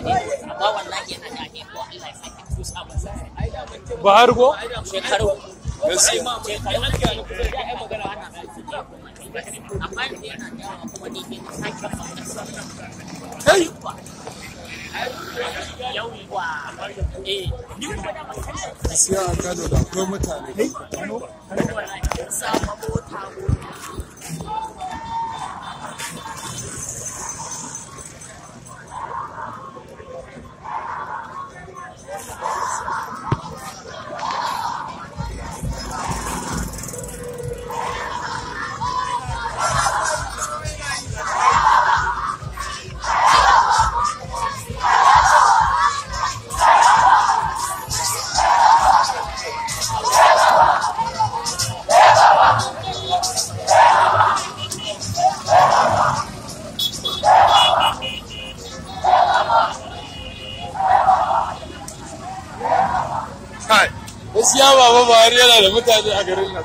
mutane amma a ne ko Allah ya sake ba har go shekaru gaskiya ya yi magana ana amma yanzu yana da kuma ni ke sake yauwa eh ni kuma da mutane gaskiya da akwai mutane Kai, gaskiya Baba Buhari yana da mutane a garin nan.